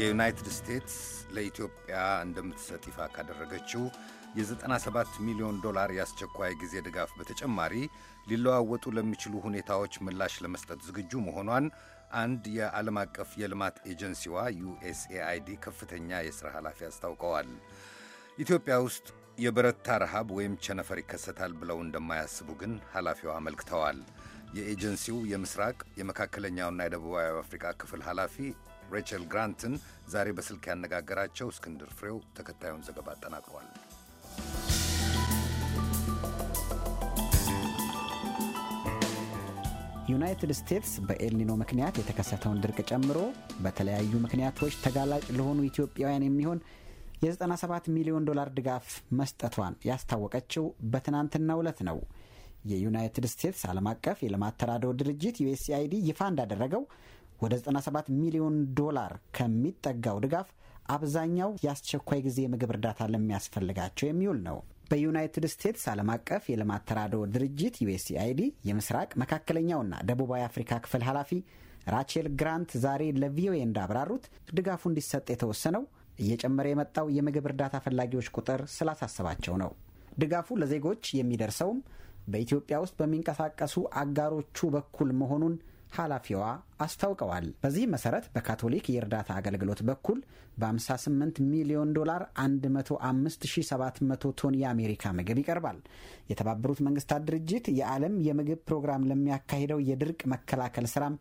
የዩናይትድ ስቴትስ ለኢትዮጵያ እንደምትሰጥ ይፋ ካደረገችው የ97 ሚሊዮን ዶላር የአስቸኳይ ጊዜ ድጋፍ በተጨማሪ ሊለዋወጡ ለሚችሉ ሁኔታዎች ምላሽ ለመስጠት ዝግጁ መሆኗን አንድ የዓለም አቀፍ የልማት ኤጀንሲዋ ዩኤስኤአይዲ ከፍተኛ የሥራ ኃላፊ አስታውቀዋል። ኢትዮጵያ ውስጥ የበረታ ረሃብ ወይም ቸነፈር ይከሰታል ብለው እንደማያስቡ ግን ኃላፊዋ አመልክተዋል። የኤጀንሲው የምስራቅ የመካከለኛውና የደቡባዊ አፍሪካ ክፍል ኃላፊ ሬቸል ግራንትን ዛሬ በስልክ ያነጋገራቸው እስክንድር ፍሬው ተከታዩን ዘገባ አጠናቅሯል። ዩናይትድ ስቴትስ በኤልኒኖ ምክንያት የተከሰተውን ድርቅ ጨምሮ በተለያዩ ምክንያቶች ተጋላጭ ለሆኑ ኢትዮጵያውያን የሚሆን የ97 ሚሊዮን ዶላር ድጋፍ መስጠቷን ያስታወቀችው በትናንትናው ዕለት ነው። የዩናይትድ ስቴትስ ዓለም አቀፍ የልማት ተራድኦ ድርጅት ዩኤስአይዲ ይፋ እንዳደረገው ወደ 97 ሚሊዮን ዶላር ከሚጠጋው ድጋፍ አብዛኛው የአስቸኳይ ጊዜ የምግብ እርዳታ ለሚያስፈልጋቸው የሚውል ነው። በዩናይትድ ስቴትስ ዓለም አቀፍ የልማት ተራድኦ ድርጅት ዩኤስኤአይዲ የምስራቅ መካከለኛውና ደቡባዊ አፍሪካ ክፍል ኃላፊ ራቼል ግራንት ዛሬ ለቪኦኤ እንዳብራሩት ድጋፉ እንዲሰጥ የተወሰነው እየጨመረ የመጣው የምግብ እርዳታ ፈላጊዎች ቁጥር ስላሳሰባቸው ነው። ድጋፉ ለዜጎች የሚደርሰውም በኢትዮጵያ ውስጥ በሚንቀሳቀሱ አጋሮቹ በኩል መሆኑን ኃላፊዋ አስታውቀዋል። በዚህ መሰረት በካቶሊክ የእርዳታ አገልግሎት በኩል በ58 ሚሊዮን ዶላር 105700 ቶን የአሜሪካ ምግብ ይቀርባል። የተባበሩት መንግስታት ድርጅት የዓለም የምግብ ፕሮግራም ለሚያካሂደው የድርቅ መከላከል ስራም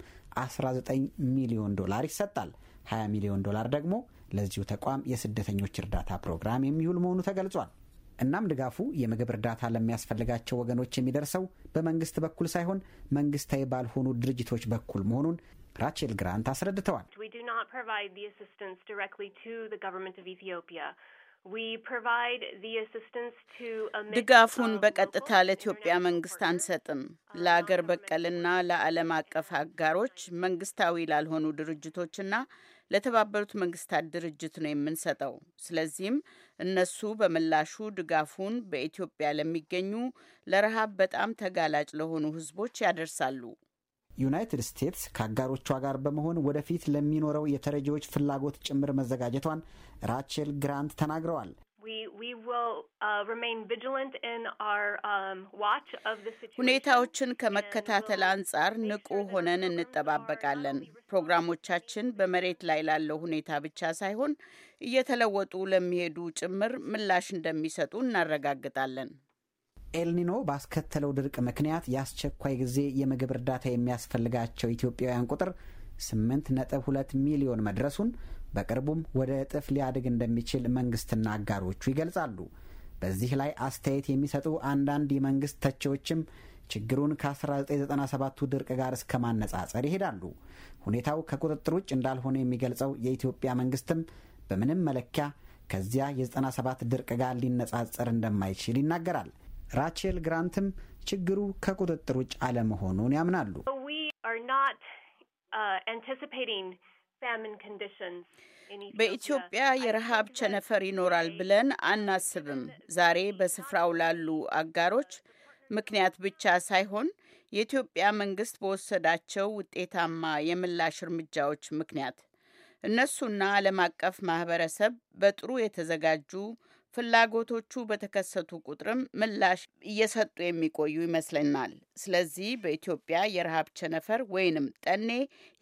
19 ሚሊዮን ዶላር ይሰጣል። 20 ሚሊዮን ዶላር ደግሞ ለዚሁ ተቋም የስደተኞች እርዳታ ፕሮግራም የሚውል መሆኑ ተገልጿል። እናም ድጋፉ የምግብ እርዳታ ለሚያስፈልጋቸው ወገኖች የሚደርሰው በመንግስት በኩል ሳይሆን መንግስታዊ ባልሆኑ ድርጅቶች በኩል መሆኑን ራቼል ግራንት አስረድተዋል። ድጋፉን በቀጥታ ለኢትዮጵያ መንግስት አንሰጥም። ለአገር በቀልና ለዓለም አቀፍ አጋሮች፣ መንግስታዊ ላልሆኑ ድርጅቶችና ለተባበሩት መንግስታት ድርጅት ነው የምንሰጠው። ስለዚህም እነሱ በምላሹ ድጋፉን በኢትዮጵያ ለሚገኙ ለረሃብ በጣም ተጋላጭ ለሆኑ ህዝቦች ያደርሳሉ። ዩናይትድ ስቴትስ ከአጋሮቿ ጋር በመሆን ወደፊት ለሚኖረው የተረጂዎች ፍላጎት ጭምር መዘጋጀቷን ራቸል ግራንት ተናግረዋል። uh, um, ሁኔታዎችን uh, ከመከታተል አንጻር ንቁ ሆነን እንጠባበቃለን። ፕሮግራሞቻችን በመሬት ላይ ላለው ሁኔታ ብቻ ሳይሆን እየተለወጡ ለሚሄዱ ጭምር ምላሽ እንደሚሰጡ እናረጋግጣለን። ኤልኒኖ ባስከተለው ድርቅ ምክንያት የአስቸኳይ ጊዜ የምግብ እርዳታ የሚያስፈልጋቸው ኢትዮጵያውያን ቁጥር 8.2 ሚሊዮን መድረሱን በቅርቡም ወደ እጥፍ ሊያድግ እንደሚችል መንግስትና አጋሮቹ ይገልጻሉ። በዚህ ላይ አስተያየት የሚሰጡ አንዳንድ የመንግስት ተቺዎችም ችግሩን ከ1997ቱ ድርቅ ጋር እስከ ማነጻጸር ይሄዳሉ። ሁኔታው ከቁጥጥር ውጭ እንዳልሆነ የሚገልጸው የኢትዮጵያ መንግስትም በምንም መለኪያ ከዚያ የ97 ድርቅ ጋር ሊነጻጸር እንደማይችል ይናገራል። ራቼል ግራንትም ችግሩ ከቁጥጥር ውጭ አለመሆኑን ያምናሉ። uh, በኢትዮጵያ የረሃብ ቸነፈር ይኖራል ብለን አናስብም። ዛሬ በስፍራው ላሉ አጋሮች ምክንያት ብቻ ሳይሆን የኢትዮጵያ መንግስት በወሰዳቸው ውጤታማ የምላሽ እርምጃዎች ምክንያት እነሱና ዓለም አቀፍ ማህበረሰብ በጥሩ የተዘጋጁ ፍላጎቶቹ በተከሰቱ ቁጥርም ምላሽ እየሰጡ የሚቆዩ ይመስለናል። ስለዚህ በኢትዮጵያ የረሃብ ቸነፈር ወይንም ጠኔ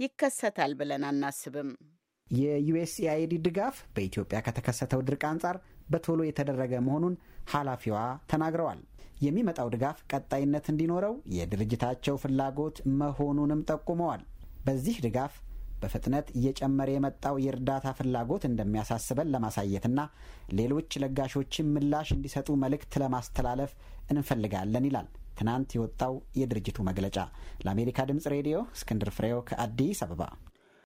ይከሰታል ብለን አናስብም። የዩኤስኤአይዲ ድጋፍ በኢትዮጵያ ከተከሰተው ድርቅ አንጻር በቶሎ የተደረገ መሆኑን ኃላፊዋ ተናግረዋል። የሚመጣው ድጋፍ ቀጣይነት እንዲኖረው የድርጅታቸው ፍላጎት መሆኑንም ጠቁመዋል። በዚህ ድጋፍ በፍጥነት እየጨመረ የመጣው የእርዳታ ፍላጎት እንደሚያሳስበን ለማሳየትና ሌሎች ለጋሾችም ምላሽ እንዲሰጡ መልእክት ለማስተላለፍ እንፈልጋለን ይላል ትናንት የወጣው የድርጅቱ መግለጫ። ለአሜሪካ ድምፅ ሬዲዮ እስክንድር ፍሬው ከአዲስ አበባ